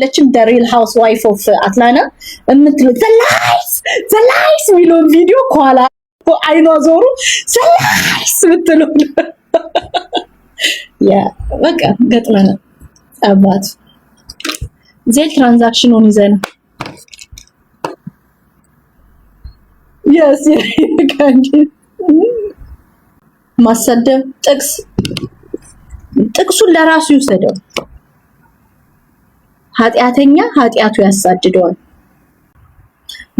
ለችም ደሪል ሃውስ ዋይፍ ኦፍ አትላንታ የምትለው ዘላይስ ዘላይስ የሚለውን ቪዲዮ ከኋላ አይኗ ዞሩ ዘላይስ ምትሉ በቃ ገጥመነ አባት ዜል ትራንዛክሽኑን ይዘን የስ ማሰደብ ጥቅስ ጥቅሱን ለራሱ ይውሰደው። ኃጢአተኛ ኃጢአቱ ያሳድደዋል።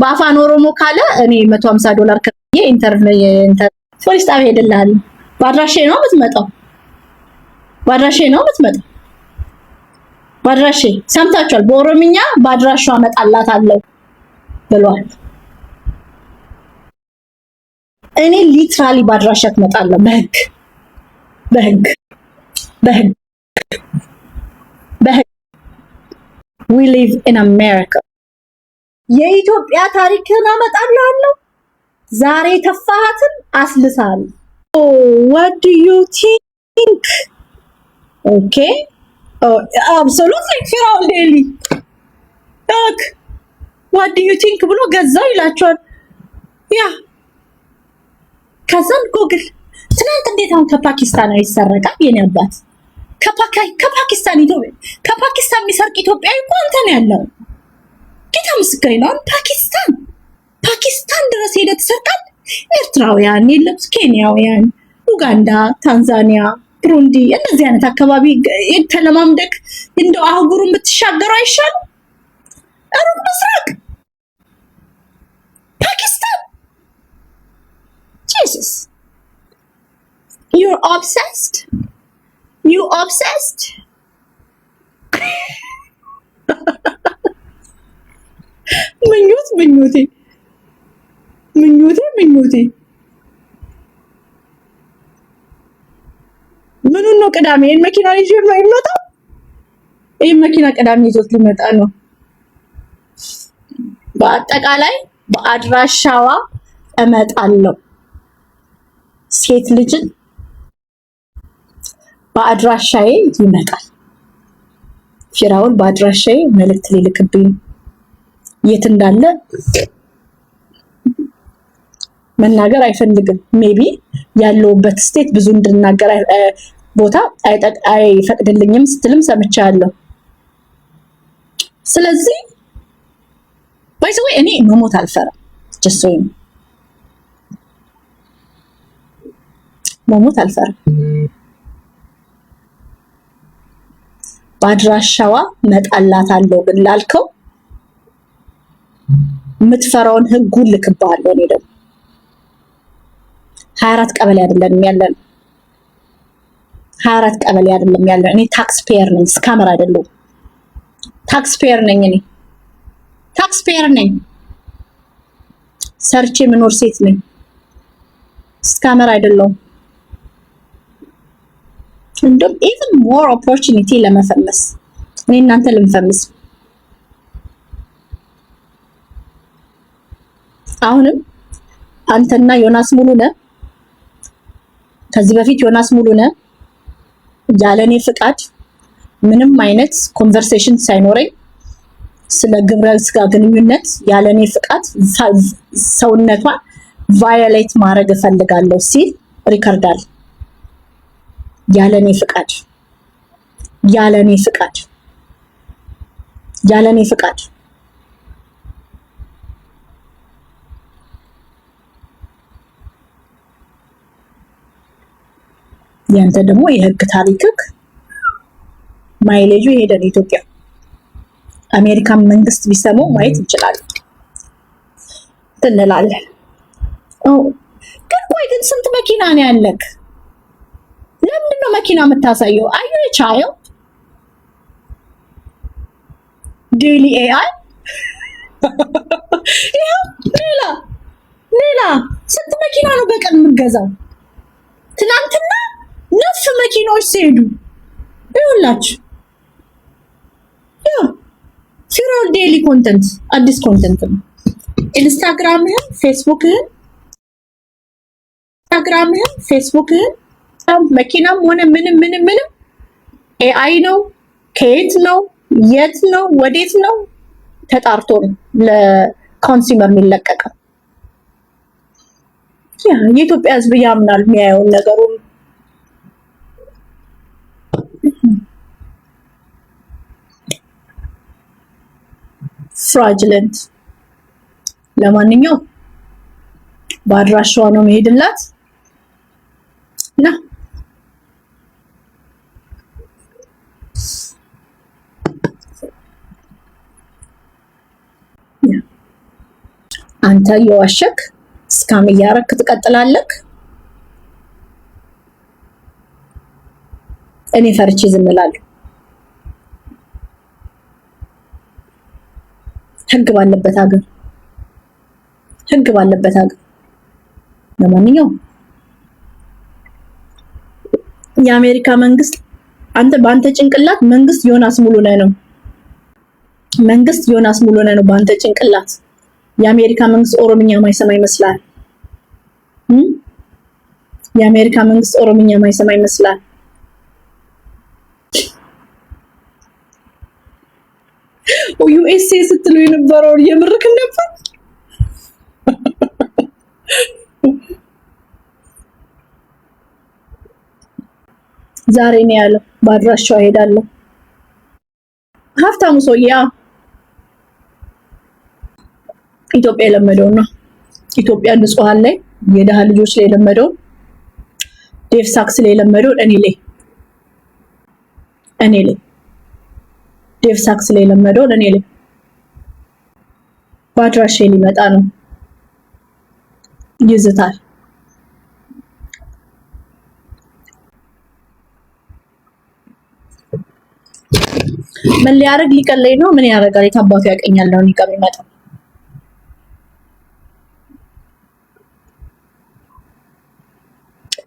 በአፋን ኦሮሞ ካለ እኔ 150 ዶላር ከፍዬ ኢንተርኔት ፖሊስ ጣቢያ ሄደላል። ባድራሼ ነው የምትመጣው፣ ባድራሼ ነው የምትመጣው። ባድራሼ ሰምታችኋል። በኦሮምኛ አመጣላት አለው ብሏል። እኔ ሊትራሊ ባድራሻ ትመጣለሁ በህግ በህግ በህግ ዊ ሊቭ ኢን አሜሪካ። የኢትዮጵያ ታሪክን አመጣለሁ። ዛሬ ተፋሃትን አስልሳል። ዋት ዱ ዩ ቲንክ? ኦኬ አብሶሉትሊ ፊራውን ዴሊ ክ ዋት ዱ ዩ ቲንክ ብሎ ገዛው ይላቸዋል። ያ ከዛን ጎግል ትናንት እንዴት አሁን ከፓኪስታን ይሰረቃል የኔ አባት ከፓኪስታን ከፓኪስታን የሚሰርቅ ኢትዮጵያዊ እኮ አንተ ነው ያለው። ጌታ ምስክሬ ነው። ፓኪስታን ፓኪስታን ድረስ ሄደ ትሰርቃለህ። ኤርትራውያን የለም ኬንያውያን፣ ኡጋንዳ፣ ታንዛኒያ፣ ብሩንዲ እንደዚህ አይነት አካባቢ ተለማምደክ እንደ አህጉሩን ብትሻገሩ አይሻልም? ሩቅ ምስራቅ ፓኪስታን ጂሰስ ዩር ኦብሰስድ ዩ ኦብሰስድ ምኞት ምኞቴ ምኞቴ ምኞቴ ምኑን ነው? ቅዳሜ ይህን መኪና ይዞ የማይመጣው ይህን መኪና ቅዳሜ ይዞት ሊመጣ ነው። በአጠቃላይ በአድራሻዋ እመጣለሁ ሴት ልጅን በአድራሻዬ ይመጣል። ፊራውን በአድራሻዬ መልእክት ሊልክብኝ የት እንዳለ መናገር አይፈልግም። ሜቢ ያለውበት ስቴት ብዙ እንድናገር ቦታ አይፈቅድልኝም ስትልም ሰምቻለሁ። ስለዚህ ባይዘወይ እኔ መሞት አልፈራም። ጀሶ መሞት አልፈራም። በአድራሻዋ እመጣላታለሁ ግን ላልከው የምትፈራውን ህጉን ልክብሃለሁ። እኔ ደግሞ ሀያ አራት ቀበሌ አይደለም ያለን፣ ሀያ አራት ቀበሌ አይደለም ያለን። እኔ ታክስ ፔየር ነኝ፣ ስካመር አይደለሁም። ታክስ ፔየር ነኝ፣ እኔ ታክስ ፔየር ነኝ። ሰርቼ የምኖር ሴት ነኝ፣ ስካመር አይደለሁም። እንዲሁም ኢቭን ሞር ኦፖርቹኒቲ ለመፈመስ እኔ እናንተ ልንፈምስ አሁንም አንተና ዮናስ ነ ከዚህ በፊት ዮናስ ነ ያለኔ ፍቃድ ምንም አይነት ኮንቨርሴሽን ሳይኖረኝ ስለ ግብረ ስጋ ግንኙነት ያለኔ ፍቃድ ሰውነቷን ቫዮሌት ማድረግ እፈልጋለሁ ሲል ሪከርዳል ያለኔ ፍቃድ ያለኔ ፍቃድ ያለኔ ፍቃድ ያንተ ደግሞ የህግ ታሪክክ ማይሌጁ ይሄዳል። ኢትዮጵያ አሜሪካን መንግስት ቢሰሙ ማየት ይችላል። ትንላለን ግን ቆይ ግን ስንት መኪና ነው ያለክ? ለምንድን ነው መኪና የምታሳየው? አዩ ቻየው ዴሊ ኤአይ ሌላ ሌላ ስንት መኪና ነው በቀን የምገዛው? ትናንትና ነፍ መኪናዎች ሲሄዱ ይኸውላችሁ፣ ያው ዴሊ ኮንተንት አዲስ ኮንተንት ነው። ኢንስታግራምህን ፌስቡክህን ኢንስታግራምህን ፌስቡክህን መኪናም ሆነ ምንም ምንም ምንም ኤአይ ነው። ከየት ነው የት ነው ወዴት ነው ተጣርቶ ነው ለኮንሱመር የሚለቀቀው። የኢትዮጵያ ሕዝብ ያምናል የሚያየውን ነገሩ ፍራጅለንት ለማንኛውም በአድራሻዋ ነው መሄድላት ና አንተ የዋሸክ እስካም እያረክ ትቀጥላለክ። እኔ ፈርቼ ዝም እላለሁ። ህግ ባለበት ሀገር ህግ ባለበት ሀገር። ለማንኛውም የአሜሪካ መንግስት አንተ በአንተ ጭንቅላት መንግስት ዮናስ ሙሉ ነህ ነው መንግስት ዮናስ ሙሉ ነህ ነው በአንተ ጭንቅላት የአሜሪካ መንግስት ኦሮምኛ ማይሰማ ይመስላል። የአሜሪካ መንግስት ኦሮምኛ ማይሰማ ይመስላል። ዩኤስኤ ስትሉ የነበረውን የምርክን ነበር። ዛሬ ነው ያለው። በአድራሻው እሄዳለሁ ሀብታሙ ሰውዬ ኢትዮጵያ የለመደውን ነው። ኢትዮጵያ ንጹሃን ላይ የድሃ ልጆች ላይ የለመደውን ዴቭ ሳክስ ላይ የለመደውን እኔ ላይ እኔ ላይ ዴቭ ሳክስ ላይ የለመደውን እኔ ላይ በአድራሼ ሊመጣ ነው። ይዝታል ምን ሊያደርግ ሊቀለኝ ነው? ምን ያደርጋል? የታባቱ ያቀኛል ነው ሊቀም ይመጣል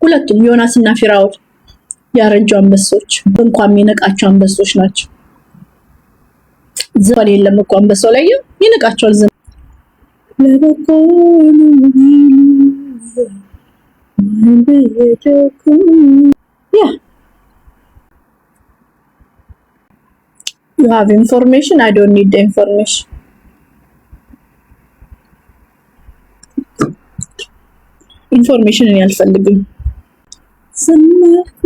ሁለቱም ዮናስና ፊራውን ያረጁ አንበሶች እንኳን የሚነቃቸው አንበሶች ናቸው። ዘመን የለም እኮ አንበሳው ላይ ይነቃቸዋል። ዘመን ያ ዩ ኢንፎርሜሽን አይ ዶንት ኒድ ኢንፎርሜሽን ኢንፎርሜሽን አልፈልግም። ሀብታምም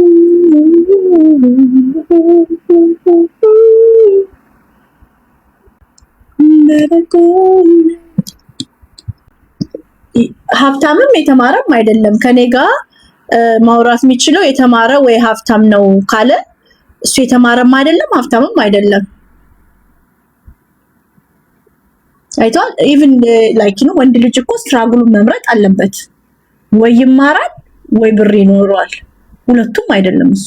የተማረም አይደለም ከኔ ጋር ማውራት የሚችለው የተማረ ወይ ሀብታም ነው ካለ እሱ የተማረም አይደለም ሀብታምም አይደለም። አይቷል ኢቭን ላይክ ነው ወንድ ልጅ እኮ ስትራግሉን መምረጥ አለበት ወይ ይማራል ወይ ብር ይኖረዋል። ሁለቱም አይደለም። እሱ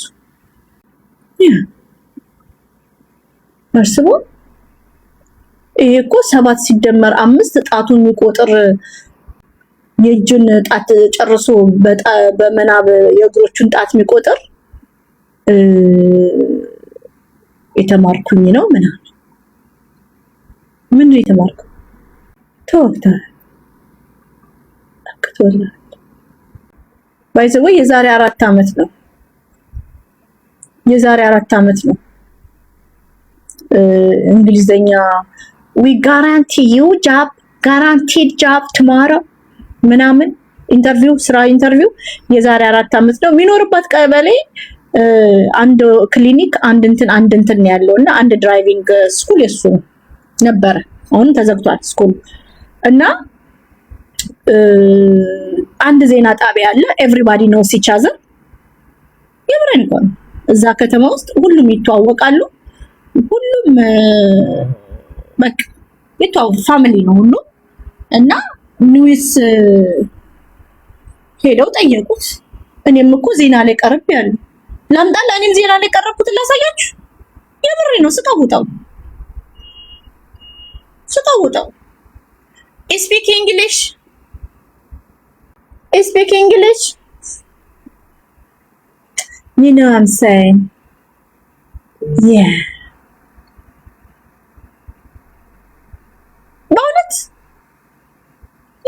መርስቦ ይሄ እኮ ሰባት ሲደመር አምስት ጣቱን የሚቆጥር የእጁን ጣት ጨርሶ በመናብ የእግሮቹን ጣት የሚቆጥር የተማርኩኝ ነው ምናምን ምን የተማርኩ ተወቅተ ባይዘው የዛሬ አራት ዓመት ነው የዛሬ አራት ዓመት ነው እንግሊዘኛ ዊ ጋራንቲ ዩ ጃብ ጋራንቲድ ጃብ ትማራ ምናምን ኢንተርቪው ስራ ኢንተርቪው የዛሬ አራት ዓመት ነው። የሚኖርባት ቀበሌ አንድ ክሊኒክ አንድ እንትን አንድ እንትን ያለው እና አንድ ድራይቪንግ ስኩል የሱ ነበረ። አሁንም ተዘግቷል ስኩል እና አንድ ዜና ጣቢያ አለ። ኤቭሪባዲ ነው ሲቻዘር የምረን እኮ ነው። እዛ ከተማ ውስጥ ሁሉም ይተዋወቃሉ። ሁሉም በቃ ይተዋወ ፋሚሊ ነው ሁሉ እና ኒውስ ሄደው ጠየቁት። እኔም እኮ ዜና ላይ ቀርብ ያሉ ላምጣላ እኔም ዜና ላይ ቀረብኩት ላሳያችሁ። የምሬ ነው። ስጠውጠው ስጠውጠው ስፒክ እንግሊሽ speak English? You know what I'm saying? Yeah. በእውነት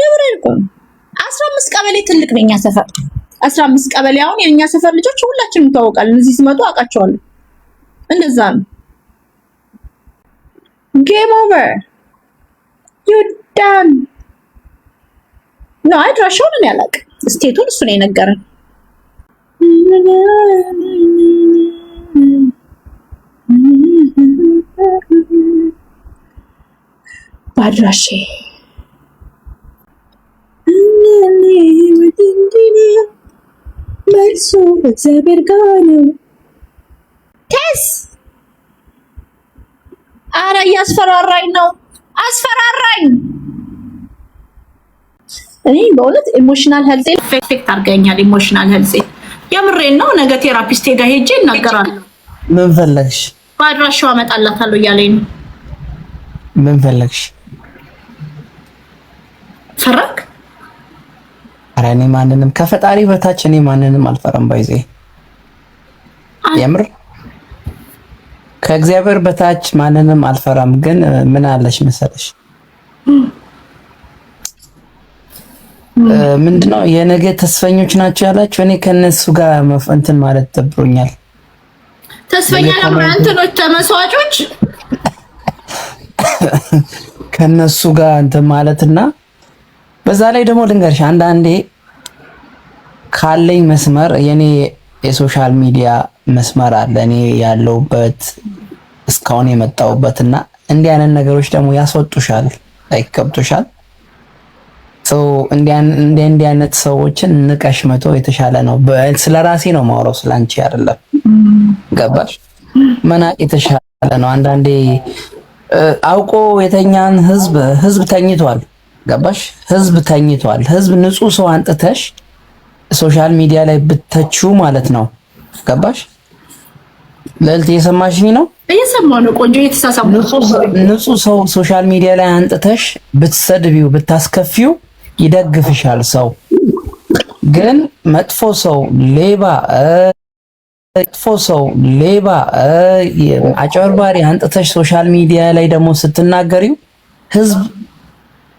የምሬ እኮ አስራ አምስት ቀበሌ ትልቅ ነው የኛ ሰፈር። አስራ አምስት ቀበሌ አሁን የእኛ ሰፈር ልጆች ሁላችንም እንታወቃለን። እዚህ ሲመጡ አውቃቸዋለሁ። እንደዛ ነው። ጌም ኦቨር ዩ ዳን ነው አድራሻውን እኔ አላውቅም። ስቴቱን እሱ ነው የነገረን። ቴስ አረ እያስፈራራኝ ነው፣ አስፈራራኝ እኔ በእውነት ኢሞሽናል ሄልዝ ኤፌክት አርገኛል። ኢሞሽናል ሄልዝ የምሬን ነው። ነገ ቴራፒስቴ ጋር ሄጄ እናገራለሁ። ምን ፈለግሽ? በአድራሻው አመጣላታለሁ እያለኝ ነው። ምን ፈለግሽ? ፈራክ? ኧረ እኔ ማንንም ከፈጣሪ በታች እኔ ማንንም አልፈራም። ባይዜ የምር ከእግዚአብሔር በታች ማንንም አልፈራም። ግን ምን አለሽ መሰለሽ ምንድነው የነገ ተስፈኞች ናቸው ያላቸው። እኔ ከነሱ ጋር እንትን ማለት ተብሮኛል። ተስፈኛ ለብራንትኖች ተመስዋጮች ከነሱ ጋር እንትን ማለትና በዛ ላይ ደግሞ ልንገርሽ አንዳንዴ ካለኝ መስመር የኔ የሶሻል ሚዲያ መስመር አለ እኔ ያለውበት እስካሁን የመጣውበትና እንዲህ አይነት ነገሮች ደግሞ ያስወጡሻል፣ ላይክ ገብቶሻል እንዲህ አይነት ሰዎችን ንቀሽ መቶ የተሻለ ነው። ስለ ራሴ ነው ማውራው፣ ስለ አንቺ አይደለም። ገባሽ? መናቅ የተሻለ ነው። አንዳንዴ አውቆ የተኛን ህዝብ ህዝብ ተኝቷል። ገባሽ? ህዝብ ተኝቷል። ህዝብ ንጹህ ሰው አንጥተሽ ሶሻል ሚዲያ ላይ ብተቹ ማለት ነው። ገባሽ? ለልት እየሰማሽኝ ነው? እየሰማሁ ነው። ቆንጆ እየተሳሳሙ ንጹህ ሰው ሶሻል ሚዲያ ላይ አንጥተሽ ብትሰድቢው ብታስከፊው ይደግፍሻል ሰው። ግን መጥፎ ሰው ሌባ መጥፎ ሰው ሌባ አጨበርባሪ አንጥተሽ ሶሻል ሚዲያ ላይ ደግሞ ስትናገሪው ህዝብ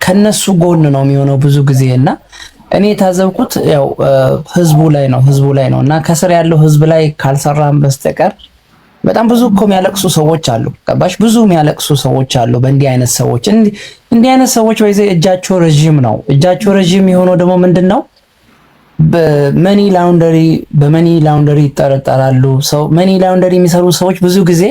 ከነሱ ጎን ነው የሚሆነው ብዙ ጊዜ እና እኔ የታዘብኩት ያው ህዝቡ ላይ ነው ህዝቡ ላይ ነው እና ከስር ያለው ህዝብ ላይ ካልሰራን በስተቀር በጣም ብዙ እኮ የሚያለቅሱ ሰዎች አሉ። ገባሽ? ብዙ የሚያለቅሱ ሰዎች አሉ። በእንዲህ አይነት ሰዎች እንዲህ አይነት ሰዎች ወይዘ እጃቸው ረዥም ነው። እጃቸው ረዥም የሆነው ደግሞ ምንድን ነው? በመኒ ላውንደሪ በመኒ ላውንደሪ ይጠረጠራሉ። ሰው መኒ ላውንደሪ የሚሰሩ ሰዎች ብዙ ጊዜ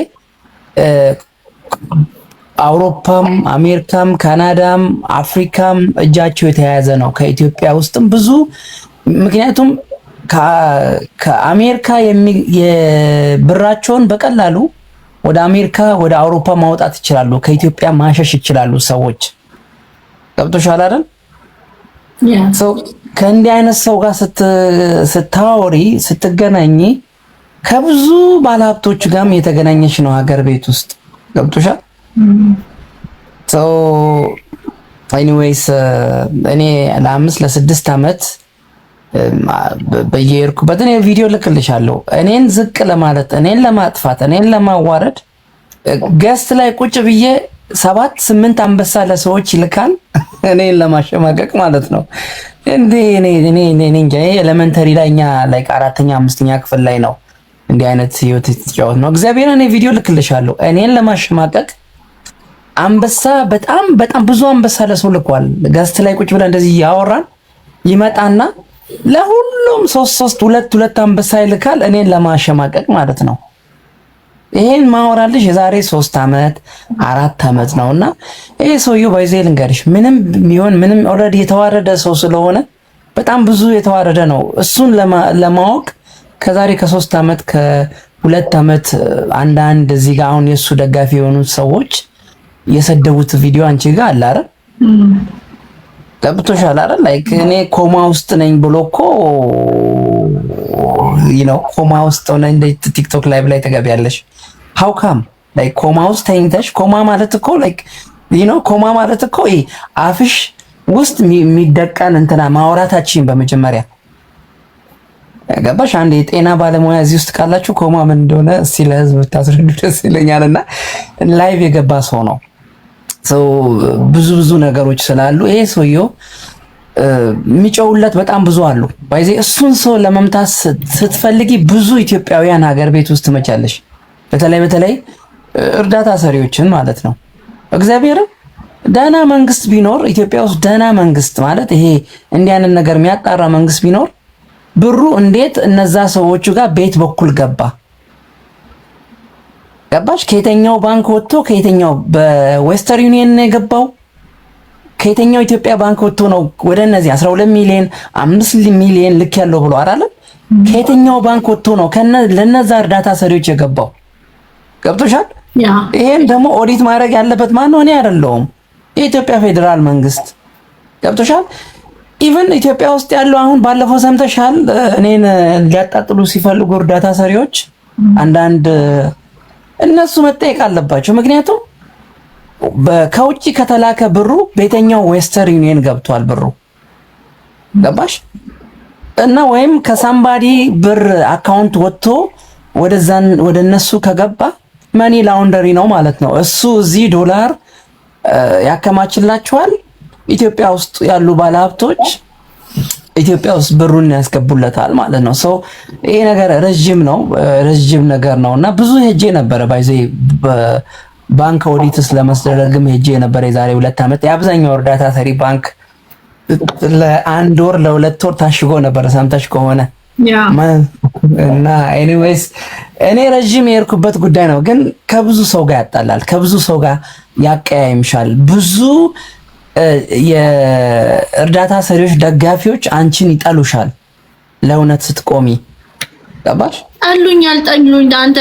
አውሮፓም፣ አሜሪካም፣ ካናዳም፣ አፍሪካም እጃቸው የተያያዘ ነው። ከኢትዮጵያ ውስጥም ብዙ ምክንያቱም ከአሜሪካ ብራቸውን በቀላሉ ወደ አሜሪካ ወደ አውሮፓ ማውጣት ይችላሉ። ከኢትዮጵያ ማሸሽ ይችላሉ። ሰዎች ገብቶሻል አይደል? ከእንዲህ አይነት ሰው ጋር ስታወሪ ስትገናኝ ከብዙ ባለሀብቶች ጋርም የተገናኘች ነው ሀገር ቤት ውስጥ ገብቶሻል። ኤኒዌይስ mm-hmm. uh, እኔ ለአምስት ለስድስት ዓመት በየሄድኩበት እኔ ቪዲዮ ልክልሻለሁ። እኔን ዝቅ ለማለት እኔን ለማጥፋት እኔን ለማዋረድ ገስት ላይ ቁጭ ብዬ ሰባት ስምንት አንበሳ ለሰዎች ይልካል፣ እኔን ለማሸማቀቅ ማለት ነው። እንዲህ ኤሌመንተሪ ላይ እኛ ላይ አራተኛ አምስተኛ ክፍል ላይ ነው እንዲህ አይነት ህይወት የተጫወት ነው። እግዚአብሔር እኔ ቪዲዮ ልክልሻለሁ። እኔን ለማሸማቀቅ አንበሳ በጣም በጣም ብዙ አንበሳ ለሰው ልኳል። ገስት ላይ ቁጭ ብለን እንደዚህ ያወራን ይመጣና ለሁሉም ሶስት ሶስት ሁለት ሁለት አንበሳ ይልካል፣ እኔን ለማሸማቀቅ ማለት ነው። ይሄን ማወራልሽ የዛሬ ሶስት አመት አራት አመት ነውና ይሄ ሰውዬው ባይዜ ልንገርሽ፣ ምንም ቢሆን ምንም ኦልሬዲ የተዋረደ ሰው ስለሆነ በጣም ብዙ የተዋረደ ነው። እሱን ለማወቅ ከዛሬ ከሶስት አመት ከሁለት አመት አንዳንድ እዚህ ጋር አሁን የእሱ ደጋፊ የሆኑት ሰዎች የሰደቡት ቪዲዮ አንቺ ጋር አለ አይደል? ገብቶሻል አይደል? ላይክ እኔ ኮማ ውስጥ ነኝ ብሎ እኮ ዩ ኖ ኮማ ውስጥ ሆነ እንደ ቲክቶክ ላይቭ ላይ ተገቢያለሽ። ሀው ካም ላይክ ኮማ ውስጥ ተኝተሽ ኮማ ማለት እኮ ላይክ ዩ ኖ ኮማ ማለት እኮ ይሄ አፍሽ ውስጥ የሚደቀን እንትና ማውራታችን በመጀመሪያ ገባሽ። አንድ የጤና ባለሙያ እዚህ ውስጥ ካላችሁ ኮማ ምን እንደሆነ እስቲ ለህዝብ ብታስረዱ ደስ ይለኛልና ላይቭ የገባ ሰው ነው ሰው ብዙ ብዙ ነገሮች ስላሉ ይሄ ሰውየው የሚጨውለት በጣም ብዙ አሉ። ባይዜ እሱን ሰው ለመምታት ስትፈልጊ ብዙ ኢትዮጵያውያን ሀገር ቤት ውስጥ ትመቻለሽ። በተለይ በተለይ እርዳታ ሰሪዎችን ማለት ነው። እግዚአብሔር ደህና መንግስት ቢኖር ኢትዮጵያ ውስጥ ደህና መንግስት ማለት ይሄ እንዲያን ነገር የሚያጣራ መንግስት ቢኖር ብሩ እንዴት እነዛ ሰዎቹ ጋር ቤት በኩል ገባ ገባች ከየተኛው ባንክ ወጥቶ ከየተኛው በዌስተር ዩኒየን ነው የገባው ከየትኛው ኢትዮጵያ ባንክ ወጥቶ ነው ወደ እነዚህ 12 ሚሊዮን 5 ሚሊዮን ልክ ያለው ብሎ አይደለም። ከየትኛው ባንክ ወጥቶ ነው ለነዛ እርዳታ ሰሪዎች የገባው? ገብቶሻል? ይሄን ደግሞ ኦዲት ማድረግ ያለበት ማን ነው? እኔ አይደለሁም፣ የኢትዮጵያ ፌዴራል መንግስት። ገብቶሻል? ኢቨን ኢትዮጵያ ውስጥ ያለው አሁን ባለፈው ሰምተሻል፣ እኔን ሊያጣጥሉ ሲፈልጉ እርዳታ ሰሪዎች አንዳንድ እነሱ መጠየቅ አለባቸው። ምክንያቱም ከውጭ ከተላከ ብሩ ቤተኛው ዌስተር ዩኒየን ገብቷል ብሩ ገባሽ እና ወይም ከሳምባዲ ብር አካውንት ወጥቶ ወደዛን ወደ እነሱ ከገባ መኒ ላውንደሪ ነው ማለት ነው። እሱ እዚህ ዶላር ያከማችላቸዋል። ኢትዮጵያ ውስጥ ያሉ ባለሀብቶች ኢትዮጵያ ውስጥ ብሩን ያስገቡለታል ማለት ነው። ሶ ይሄ ነገር ረጅም ነው፣ ረጅም ነገር ነው እና ብዙ ሄጄ ነበረ ባይዘይ ባንክ ኦዲትስ ለመስደረግም ሄጄ ነበረ የዛሬ ሁለት ዓመት። የአብዛኛው እርዳታ ሰሪ ባንክ ለአንድ ወር ለሁለት ወር ታሽጎ ነበረ ሰምተሽ ከሆነ እና ኤኒዌይስ እኔ ረዥም የሄድኩበት ጉዳይ ነው፣ ግን ከብዙ ሰው ጋር ያጣላል፣ ከብዙ ሰው ጋር ያቀያይምሻል ብዙ የእርዳታ ሰሪዎች ደጋፊዎች አንቺን ይጠሉሻል ለእውነት ስትቆሚ ገባሽ አሉኝ አልጠሉኝ አንተ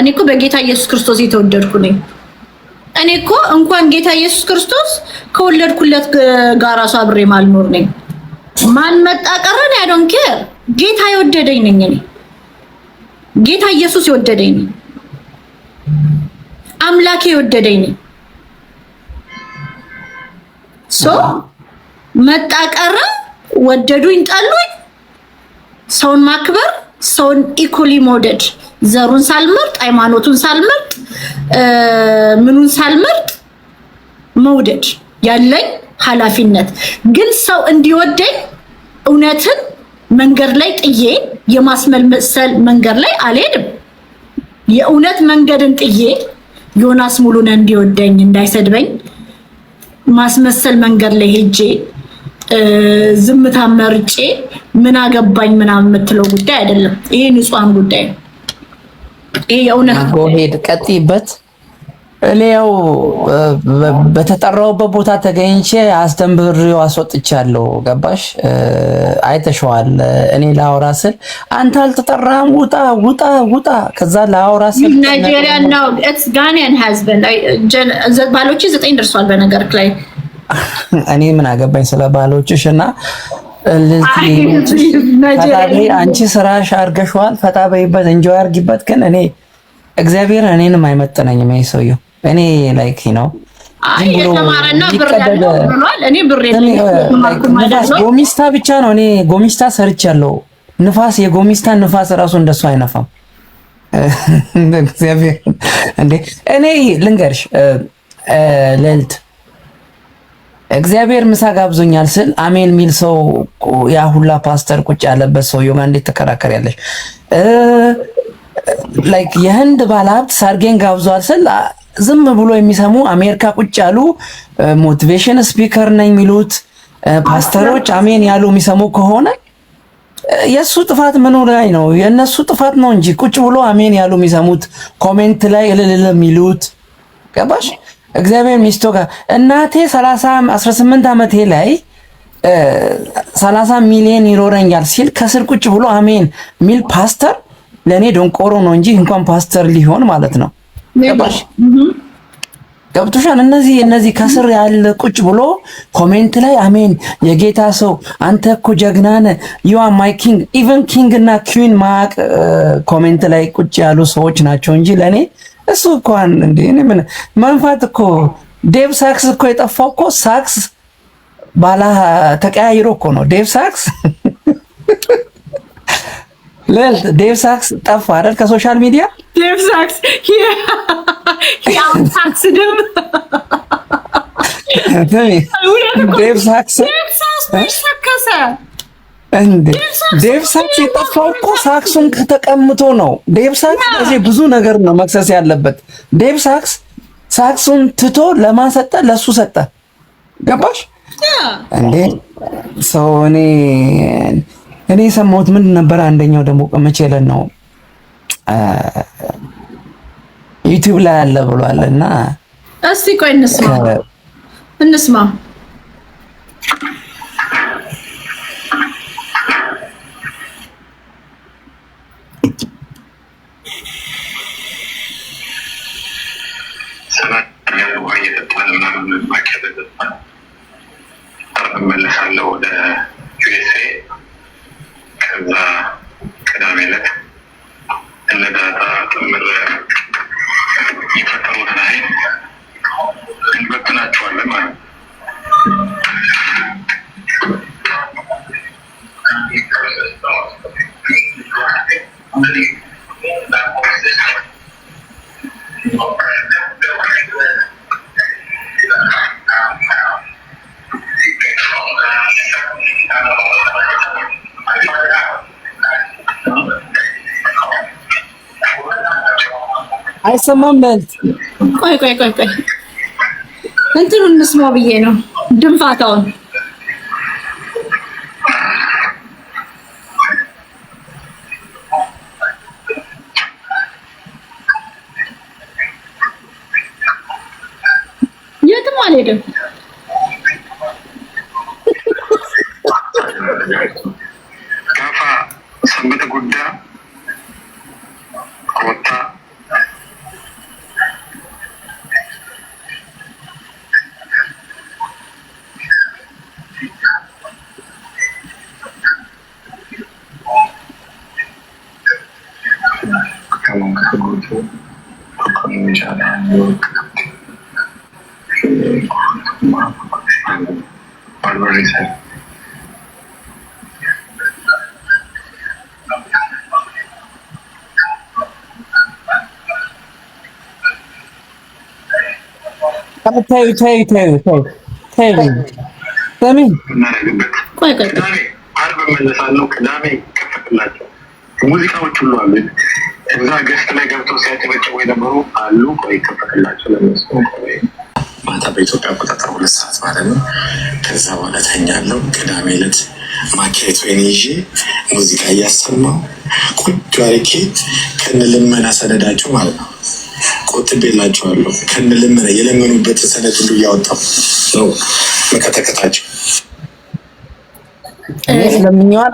እኔ እኮ በጌታ ኢየሱስ ክርስቶስ የተወደድኩ ነኝ እኔ እኮ እንኳን ጌታ ኢየሱስ ክርስቶስ ከወለድኩለት ጋር ራሱ አብሬ ማልኖር ነኝ ማን መጣ ቀረን አይ ኬር ጌታ የወደደኝ ነኝ እኔ ጌታ ኢየሱስ የወደደኝ ነኝ አምላኬ የወደደኝ ነኝ ሶ መጣ ቀረ፣ ወደዱኝ ጠሉኝ፣ ሰውን ማክበር፣ ሰውን ኢኮሊ መውደድ፣ ዘሩን ሳልመርጥ፣ ሃይማኖቱን ሳልመርጥ፣ ምኑን ሳልመርጥ መውደድ ያለኝ ኃላፊነት ግን ሰው እንዲወደኝ እውነትን መንገድ ላይ ጥዬ የማስመሰል መንገድ ላይ አልሄድም። የእውነት መንገድን ጥዬ ዮናስ ሙሉነህ እንዲወደኝ እንዳይሰድበኝ ማስመሰል መንገድ ላይ ሄጄ ዝምታ መርጬ ምን አገባኝ ምናምን የምትለው ጉዳይ አይደለም። ይሄ ንጹሐን ጉዳይ ነው። ይሄ የእውነት ሄድ ቀጥይበት እኔ ያው በተጠራውበት ቦታ ተገኝቼ አስተንብሬው አስወጥቻለሁ። ገባሽ? አይተሸዋል። እኔ ለአውራ ስል አንተ አልተጠራም፣ ውጣ ውጣ ውጣ። ከዛ ለአውራ ስል ናይጄሪያን ነው ኢትስ ጋኒያን ሃዝበንድ ባሎች ዘጠኝ ደርሷል። በነገር ላይ እኔ ምን አገባኝ ስለ ባሎችሽ እና ለዚህ አንቺ ስራሽ አርገሽዋል። ፈታ በይበት፣ እንጆይ አድርጊበት። ግን እኔ እግዚአብሔር እኔንም አይመጥነኝም ይሄ ሰውየው እኔ ላይክ ነው ጎሚስታ ብቻ ነው። እኔ ጎሚስታ ሰርች ያለው ንፋስ የጎሚስታ ንፋስ እራሱ እንደሱ አይነፋም። እኔ ልንገርሽ ለልት እግዚአብሔር ምሳ ጋብዞኛል ስል አሜን ሚል ሰው ያ ሁላ ፓስተር ቁጭ ያለበት ሰውዬው ጋር እንዴት ትከራከሪያለሽ? ላይክ የህንድ ባለሀብት ሳርጌን ጋብዟል ስል ዝም ብሎ የሚሰሙ አሜሪካ ቁጭ ያሉ ሞቲቬሽን ስፒከር ነኝ የሚሉት ፓስተሮች አሜን ያሉ የሚሰሙ ከሆነ የእሱ ጥፋት ምኑ ላይ ነው? የእነሱ ጥፋት ነው እንጂ ቁጭ ብሎ አሜን ያሉ የሚሰሙት ኮሜንት ላይ እልልል የሚሉት ገባሽ? እግዚአብሔር ሚስቶ ጋር እናቴ 18 ዓመቴ ላይ 30 ሚሊዮን ይኖረኛል ሲል ከስር ቁጭ ብሎ አሜን ሚል ፓስተር ለእኔ ደንቆሮ ነው እንጂ እንኳን ፓስተር ሊሆን ማለት ነው። ገብቶሻል። እነዚህ እነዚህ ከስር ያለ ቁጭ ብሎ ኮሜንት ላይ አሜን፣ የጌታ ሰው አንተ እኮ ጀግናነ ነህ፣ ማይ ኪንግ። ኢቨን ኪንግ እና ኪዊን ማቅ ኮሜንት ላይ ቁጭ ያሉ ሰዎች ናቸው እንጂ ለእኔ እሱ እንኳን እንደ እኔ ምን መንፋት እኮ ዴቭ ሳክስ እኮ የጠፋው እኮ ሳክስ ባላ ተቀያይሮ እኮ ነው ዴቭ ሳክስ ልዕልት ዴቭ ሳክስ ጠፋ አይደል? ከሶሻል ሚዲያ ዴቭ ሳክስ ሳክስ ደም ዴቭ ሳክስ ዴቭ ሳክስ የጠፋው እኮ ሳክሱን ከተቀምቶ ነው። ዴቭ ሳክስ ከዚህ ብዙ ነገር ነው መክሰስ ያለበት። ዴቭ ሳክስ ሳክሱን ትቶ ለማን ሰጠ? ለሱ ሰጠ። ገባሽ እንዴ? ሰው እኔ እኔ የሰማሁት ምንድን ነበር አንደኛው ደግሞ መቼ ዕለት ነው ዩቲዩብ ላይ አለ ብሏል እና እስቲ ቆይ እንስማ እንስማ አይሰማም። ለእንት ቆይ ቆይ ቆይ ቆይ እንትኑን እንስማው ብዬ ነው ድንፋታውን barbarism. ተዩ ተዩ ተዩ ተዩ ተዩ ተሚ ቆይ ቆይ ቆይ አርብ እመለሳለሁ። ቅዳሜ ክፍት ሙዚቃዎች ሁሉ አሉ። እዛ ገስት ላይ ገብቶ ሲያጨበጭቡ የነበሩ አሉ። ቆይ ክፍት ናቸው ማታ በኢትዮጵያ አቆጣጠር ሁለት ሰዓት ማለት ነው። ከዛ በኋላ ተኛለው። ቅዳሜ ዕለት ማኬቶ ይዤ ሙዚቃ እያሰማው ቁጭ አርጌ ከነ ልመና ሰነዳቸው ማለት ነው ቆጥቤላቸዋለሁ። ከነ ልመና የለመኑበትን ሰነድ ሁሉ እያወጣው ነው መከተከታቸው ለምኛዋል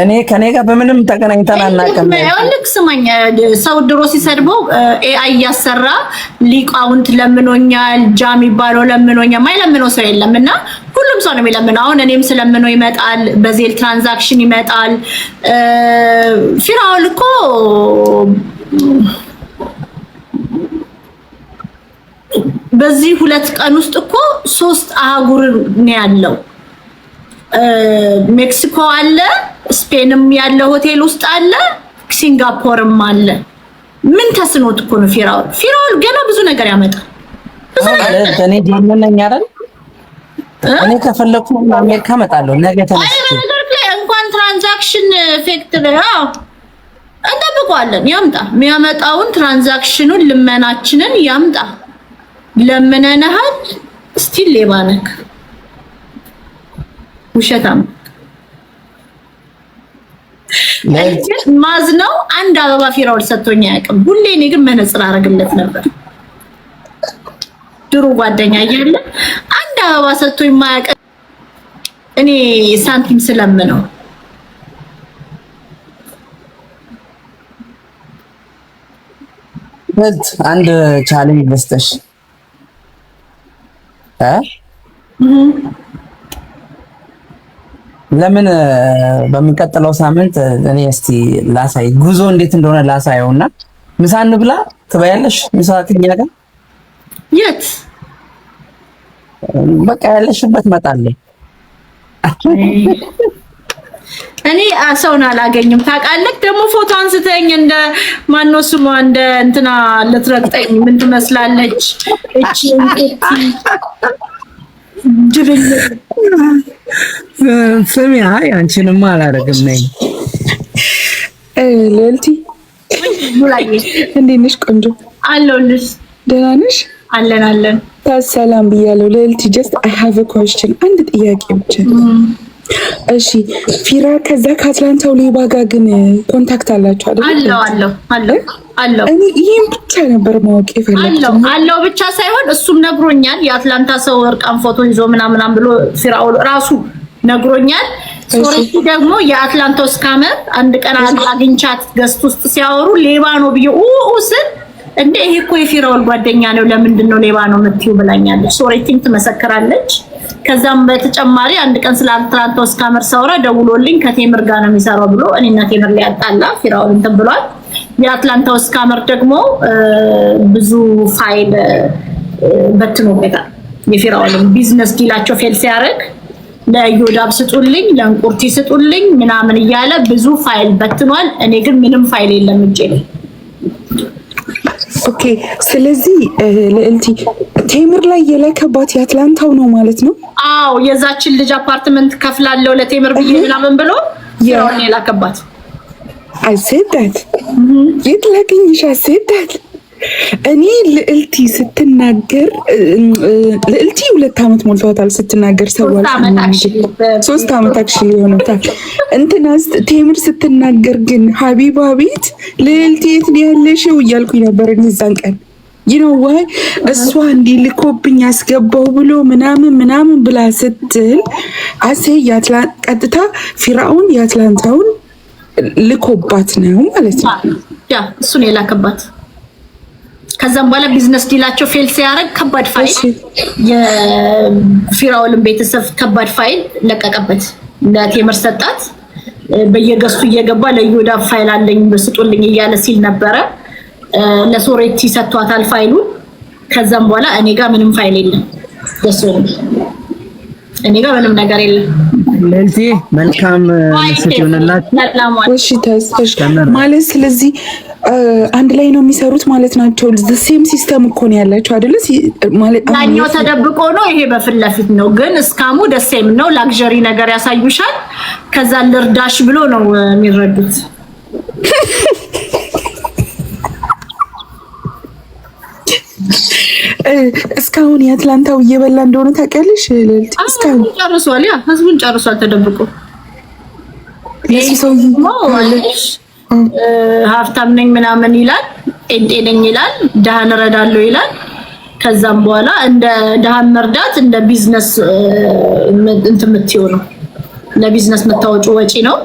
እኔ ከኔ ጋር በምንም ተገናኝተን አናውቅም። ልክ ስማኝ፣ ሰው ድሮ ሲሰድበው ኤአይ እያሰራ ሊቃውንት ለምኖኛል፣ ጃ የሚባለው ለምኖኛል። ማይለምነው ሰው የለም እና ሁሉም ሰው ነው የሚለምነው። አሁን እኔም ስለምኖ ይመጣል፣ በዜል ትራንዛክሽን ይመጣል። ፊራውን እኮ በዚህ ሁለት ቀን ውስጥ እኮ ሶስት አህጉር ነው ያለው። ሜክሲኮ አለ ስፔንም ያለ ሆቴል ውስጥ አለ፣ ሲንጋፖርም አለ። ምን ተስኖት እኮ ነው ፊራውል? ፊራውል ገና ብዙ ነገር ያመጣል። እኔ ጀርመን ነኝ አይደል? እኔ ከፈለኩ አሜሪካ እመጣለሁ ነገ ተነስቼ። እንኳን ትራንዛክሽን ፌክት ነው እንጠብቀዋለን። ያምጣ የሚያመጣውን ትራንዛክሽኑን ልመናችንን ያምጣ። ለምነንሃል ስቲል ሌባ ነህ ውሸታም ማዝ ነው። አንድ አበባ ፊራውል ሰጥቶኝ አያውቅም። ሁሌ እኔ ግን መነጽር አረግለት ነበር። ድሮ ጓደኛ እያለ አንድ አበባ ሰጥቶኝ ማያውቅ እኔ ሳንቲም ስለምነው አንድ ቻሌንጅ እ ለምን በሚቀጥለው ሳምንት እኔ እስቲ ላሳይ ጉዞ እንዴት እንደሆነ ላሳየውና ምሳ እንብላ ትበያለሽ? ምሳ ከኛ ጋር የት በቃ ያለሽበት መጣለኝ። እኔ ሰውን አላገኝም ታውቃለህ። ደግሞ ፎቶ አንስተኝ እንደ ማነው ስሟ እንደ እንትና ልትረግጠኝ ምን ትመስላለች እቺ ስሚ፣ አይ አንቺንማ አላደርግም ነኝ ልዕልቲ እንዴት ነሽ? ቆንጆ አለሁልሽ። ደህና ነሽ? አለን አለን። ታሰላም ብያለሁ። ልዕልቲ ጀስት አይ ሃቭ አ ኮስችን አንድ ጥያቄ ብቻ። እሺ ፊራ፣ ከዛ ከአትላንታው ሌባ ጋር ግን ኮንታክት አላችሁ አይደል? አለው አለው አለው። እኔ ይሄን ብቻ ነበር ማወቅ የፈለኩት። አለው ብቻ ሳይሆን እሱም ነግሮኛል። የአትላንታ ሰው እርቃን ፎቶ ይዞ ምናምናም ብሎ ፊራው ራሱ ነግሮኛል። ሶሪቲ ደግሞ የአትላንቶስ ካመር አንድ ቀን አግኝቻት ገስት ውስጥ ሲያወሩ ሌባ ነው ብዬ ኡኡ ስል እንደ ይሄ እኮ የፊራውል ጓደኛ ነው፣ ለምንድን ነው ሌባ ነው የምትይው ብላኛለች። ሶሪቲም ትመሰክራለች። ከዛም በተጨማሪ አንድ ቀን ስለ አትላንቶስ ካመር ሳውራ ደውሎልኝ ከቴምር ጋር ነው የሚሰራው ብሎ እኔና ቴምር ላይ ያጣላ ፊራውል እንትን ብሏል። የአትላንታውስ ካመር ደግሞ ብዙ ፋይል በትኖበታል። የፊራውልም ቢዝነስ ዲላቸው ፌል ሲያደርግ ለኢዮዳብ ስጡልኝ፣ ለእንቁርቲ ስጡልኝ ምናምን እያለ ብዙ ፋይል በትኗል። እኔ ግን ምንም ፋይል የለም እጄ ላይ። ኦኬ። ስለዚህ ልዕልቲ ቴምር ላይ የላከባት የአትላንታው ነው ማለት ነው? አዎ፣ የዛችን ልጅ አፓርትመንት ከፍላለው ለቴምር ብዬ ምናምን ብሎ የላከባት አይሴዳት የት ላገኝሽ ዳት እኔ ልዕልቲ ስትናገር ልዕልቲ ሁለት ዓመት ሞልቷታል። ስትናገር ሰዋል ሶስት ዓመት አክሽል የሆነታል። እንትና ቴምር ስትናገር ግን ሀቢባ ቤት ልዕልቲ የት ነው ያለሽው እያልኩኝ ነበር እዛን ቀን ይነዋይ እሷ እንዲህ ልኮብኝ ያስገባው ብሎ ምናምን ምናምን ብላ ስትል አሴ ቀጥታ ፊራውን የአትላንታውን ልኮባት ነው ማለት ነው። እሱን የላከባት ከዛም በኋላ ቢዝነስ ዲላቸው ፌል ሲያደርግ ከባድ ፋይል የፊራውልን ቤተሰብ ከባድ ፋይል ለቀቀበት። ለቴምር ሰጣት። በየገስቱ እየገባ ለይሁዳ ፋይል አለኝ ስጡልኝ እያለ ሲል ነበረ። ለሶሬቲ ሰጥቷታል ፋይሉን። ከዛም በኋላ እኔ ጋር ምንም ፋይል የለም ደስ እኔ ጋር ምንም ነገር የለም። ለዚህ መልካም ስት ማለት ስለዚህ አንድ ላይ ነው የሚሰሩት ማለት ናቸው። ሴም ሲስተም እኮ ነው ያላቸው አይደለ? ያኛው ተደብቆ ነው፣ ይሄ በፊት ለፊት ነው። ግን እስካሙ ደሴም ነው። ላግዠሪ ነገር ያሳዩሻል። ከዛ ልርዳሽ ብሎ ነው የሚረዱት። እስካሁን የአትላንታው እየበላ እንደሆነ ታውቂያለሽ? እስካሁን ጨርሷል። ያ ህዝቡን ጨርሷል ተደብቆ ሀብታም ነኝ ምናምን ይላል፣ ጴንጤ ነኝ ይላል፣ ድሃን እረዳለሁ ይላል። ከዛም በኋላ እንደ ድሃን መርዳት እንደ ቢዝነስ እንትን የምትይው ነው፣ ለቢዝነስ መታወጩ ወጪ ነው።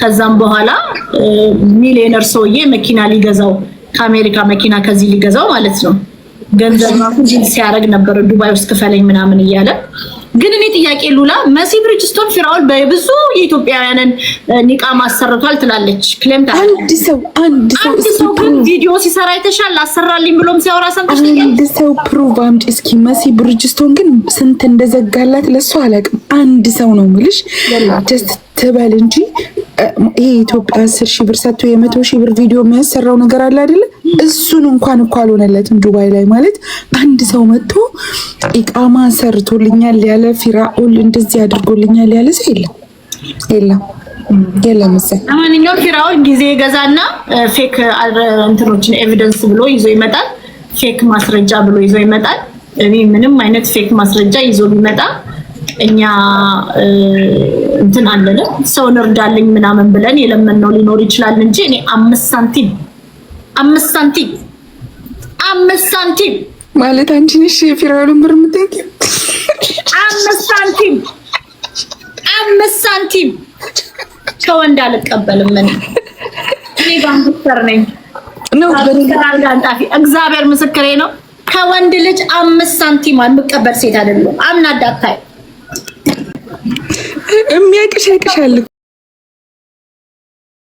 ከዛም በኋላ ሚሊዮነር ሰውዬ መኪና ሊገዛው ከአሜሪካ መኪና ከዚህ ሊገዛው ማለት ነው። ገንዘብ ሲያደርግ ነበር ዱባይ ውስጥ ክፈለኝ ምናምን እያለ ግን እኔ ጥያቄ ሉላ መሲ ብርጅስቶን ፍራውል በብዙ የኢትዮጵያውያንን ኒቃ አሰርቷል ትላለች ክሌም ታዲያ አንድ ሰው አንድ ሰው ግን ቪዲዮ ሲሰራ የተሻለ አሰራልኝ ብሎም ሲያወራ ሰምተሽ አንድ ሰው ፕሩቭ አምጪ እስኪ መሲ ብርጅስቶን ግን ስንት እንደዘጋላት ለሱ አላውቅም አንድ ሰው ነው የምልሽ ጀስት ትበል እንጂ ይሄ ኢትዮጵያ አስር ሺህ ብር ሰጥቶ የመቶ ሺህ ብር ቪዲዮ የሚያሰራው ነገር አለ አይደለ እሱን እንኳን እኮ አልሆነለትም ዱባይ ላይ ማለት አንድ ሰው መጥቶ ኢቃማ ሰርቶልኛል ያለ ፊራኦል እንደዚህ አድርጎልኛል ያለ ሰው የለም የለም የለም። ለማንኛውም ፊራኦል ጊዜ ገዛና ፌክ እንትኖችን ኤቪደንስ ብሎ ይዞ ይመጣል። ፌክ ማስረጃ ብሎ ይዞ ይመጣል። እኔ ምንም አይነት ፌክ ማስረጃ ይዞ ቢመጣ እኛ እንትን አንልም። ሰው እንርዳልኝ ምናምን ብለን የለመነው ሊኖር ይችላል እንጂ እኔ አምስት ሳንቲም አምስት ሳንቲም አምስት ሳንቲም ማለት አንቺ ነሽ የፌራሉን ብር የምታውቂው? አምስት ሳንቲም አምስት ሳንቲም ከወንድ አልቀበልም። ምን እኔ ጋንጉስተር ነኝ ነው አንጣፊ። እግዚአብሔር ምስክሬ ነው። ከወንድ ልጅ አምስት ሳንቲም አልቀበል ሴት አይደለም። አምና አምናዳታይ የሚያቅሽ ያቅሻል።